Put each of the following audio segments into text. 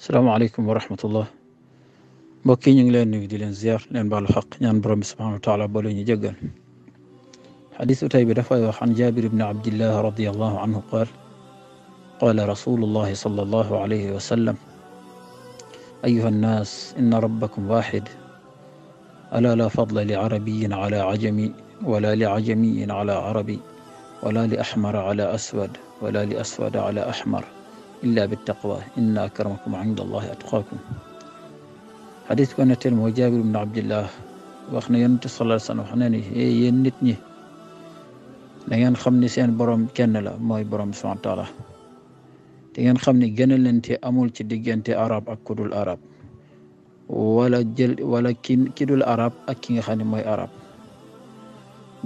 السلام عليكم ورحمة الله بوكي نيغ لين نيغ دي زيار لين بالو حق نيان سبحانه وتعالى بولو ني حديث تايبي دا فاي عن جابر بن عبد الله رضي الله عنه قال قال رسول الله صلى الله عليه وسلم أيها الناس إن ربكم واحد ألا لا فضل لعربي على عجمي ولا لعجمي على عربي ولا لأحمر على أسود ولا لأسود على أحمر إلا بالتقوى إن أكرمكم عند الله أتقاكم حديث كان تلمه جابر بن عبد الله وخنا ينتي صلى الله عليه وسلم إيه ينتني لين خمني سين برام كان لا ماي برام سبحانه وتعالى لين خمني جن لنتي أمول تدي جنتي أراب أكدو الأراب ولا جل ولا كن كدو الأراب أكين خاني ماي أراب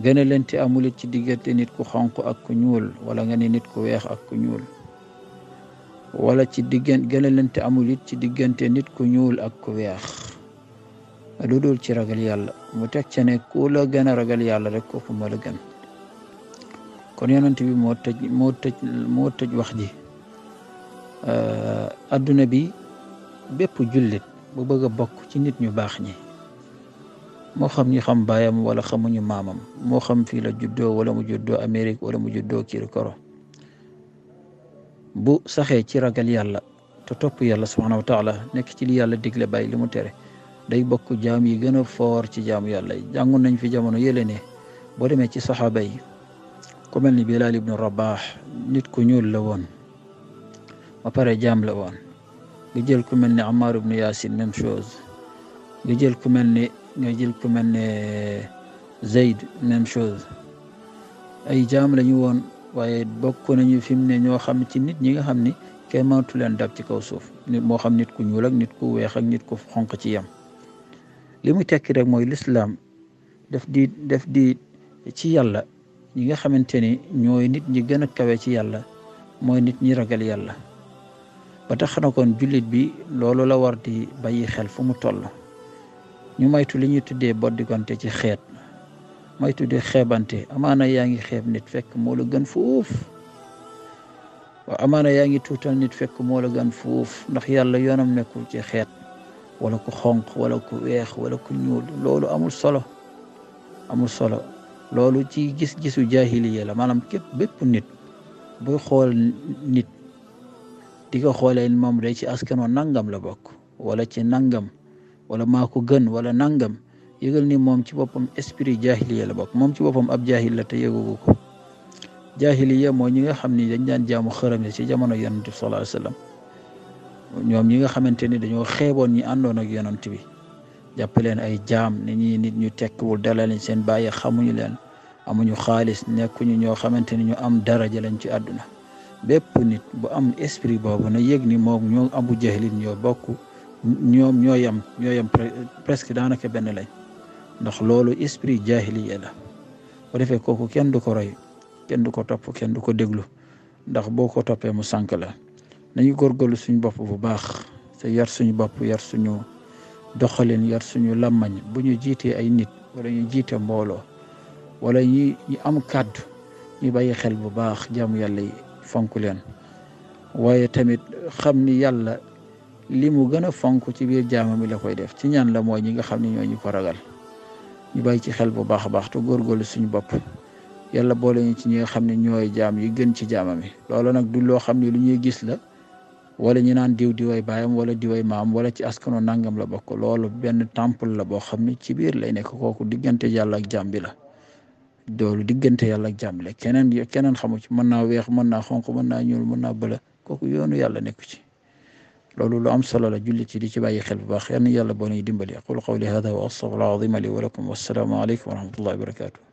جن لنتي أمول تدي جنتي نتكو خانكو أكنيول ولا جن نتكو ويخ أكنيول wala ci diggante gën a lante amul ci diggante nit ku ñuul ak ku weex lu dul ci ragal yàlla mu teg ca ne la gën a ragal yàlla rek kooku ma la gën kon yonent bi moo tëj moo tëj moo tëj wax ji adduna bi bépp jullit bu bëgg a bokk ci nit ñu baax ñi moo xam ñi xam baayam wala xamuñu maamam moo xam fii la juddoo wala mu juddoo Amérique wala mu juddoo Kirikoro bu saxee ci ragal yàlla te topp yàlla subhaanahu wa taala nekk ci li yàlla digle bàyyi li mu tere day bokk jaam yi gën a foor ci jaamu yàlla yi nañ fi jamono yële ne boo demee ci saxaaba yi ku mel ni Bilaal ibnu Rabaax nit ku ñuul la woon ba pare jaam la woon nga jël ku mel ni Ammaar ibnu Yaasin même chose gi jël ku mel ni nga jël ku mel ni Zayd même woon waaye bokk nañu fi mu ne ñoo xam ci nit ñi nga xam ni kenn mënatu leen dab ci kaw suuf moo xam nit ku ñuul ak nit ku weex ak nit ku xonq ci yam li mu tekki rek mooy lislaam def di def di ci yàlla ñi nga xamante ni ñooy nit ñi gën a kawe ci yàlla mooy nit ñi ragal yàlla ba tax na kon jullit bi loolu la war di bàyyi xel fu mu toll ñu moytu li ñuy tuddee boddikonte ci xeet mooy tudde xeebante amaana yaa ngi xeeb nit fekk moo la gën fuuf amaana yaa ngi tuutal nit fekk moo la gën fuuf ndax yàlla yoonam nekkul ci xeet wala ku xonq wala ku weex wala ku ñuul loolu amul solo amul solo loolu ci gis-gisu jaahiliya la maanaam képp bépp nit buy xool nit di ko xoolee moom day ci askano nangam la bokk wala ci nangam wala maa ko wala nangam yëgal ni moom ci boppam esprit jaahiliya la bokk moom ci boppam ab jaahil la te yëgugu ko jaahiliya mooy ñi nga xam ni dañ daan jaamu xërëm yi ci jamono yonent bi sallallahu alayhi wasallam ñoom ñi nga xamante ni dañoo xeeboon ñi àndoon ak yonent bi jàppaleen ay jaam ni ñi nit ñu tekkiwul dala seen bàyyi xamuñu leen amuñu xaalis nekkuñu ñoo xamante ni ñu am daraja lañ ci àdduna bépp nit bu am esprit boobu na yëg ni moom ñoo abu jahlin ñoo bokk ñoom ñoo yam ñoo yem presque daanaka benn lañ ndax loolu esprit jahiliya la o defee kooku kenn du ko roy kenn du ko topp kenn du ko déglu ndax boo ko toppee mu sànk la nañu góorgóorlu suñu bopp bu baax se yar suñu bopp yar suñu doxalin yar suñu làmmañ bu ñu jiitee ay nit wala ñu jiite mbooloo wala ñi ñi am kàddu ñu bayi xel bu baax jaamu yàlla yi fonk leen waaye tamit xam ni yàlla li mu gën a fonk ci biir jaama mi la koy def ci ñaan la mooy ñi nga xam ne ñoo ñu ko ragal ñu bàyyi ci xel bu baax a baax te góorgóorlu suñu bopp yàlla boole ñu ci ñi nga xam ne ñooy jaam yi gën ci jaamam yi loolu nag du loo xam ne lu ñuy gis la wala ñu naan diw diway baayam wala diway maam wala ci askano nangam la bokk loolu benn temple la boo xam ne ci biir lay nekk kooku diggante yàlla ak jaam la doolu diggante yàlla ak jaam bi keneen keneen xamu ci mën naa weex mën naa xonq mën naa ñuul mën naa bëla kooku yoonu yàlla nekku ci لولو لام صلى على جلتي لي تبعي خلف باخ يعني يلا بني دمبلي اقول قولي هذا واصغر العظيم لي ولكم والسلام عليكم ورحمه الله وبركاته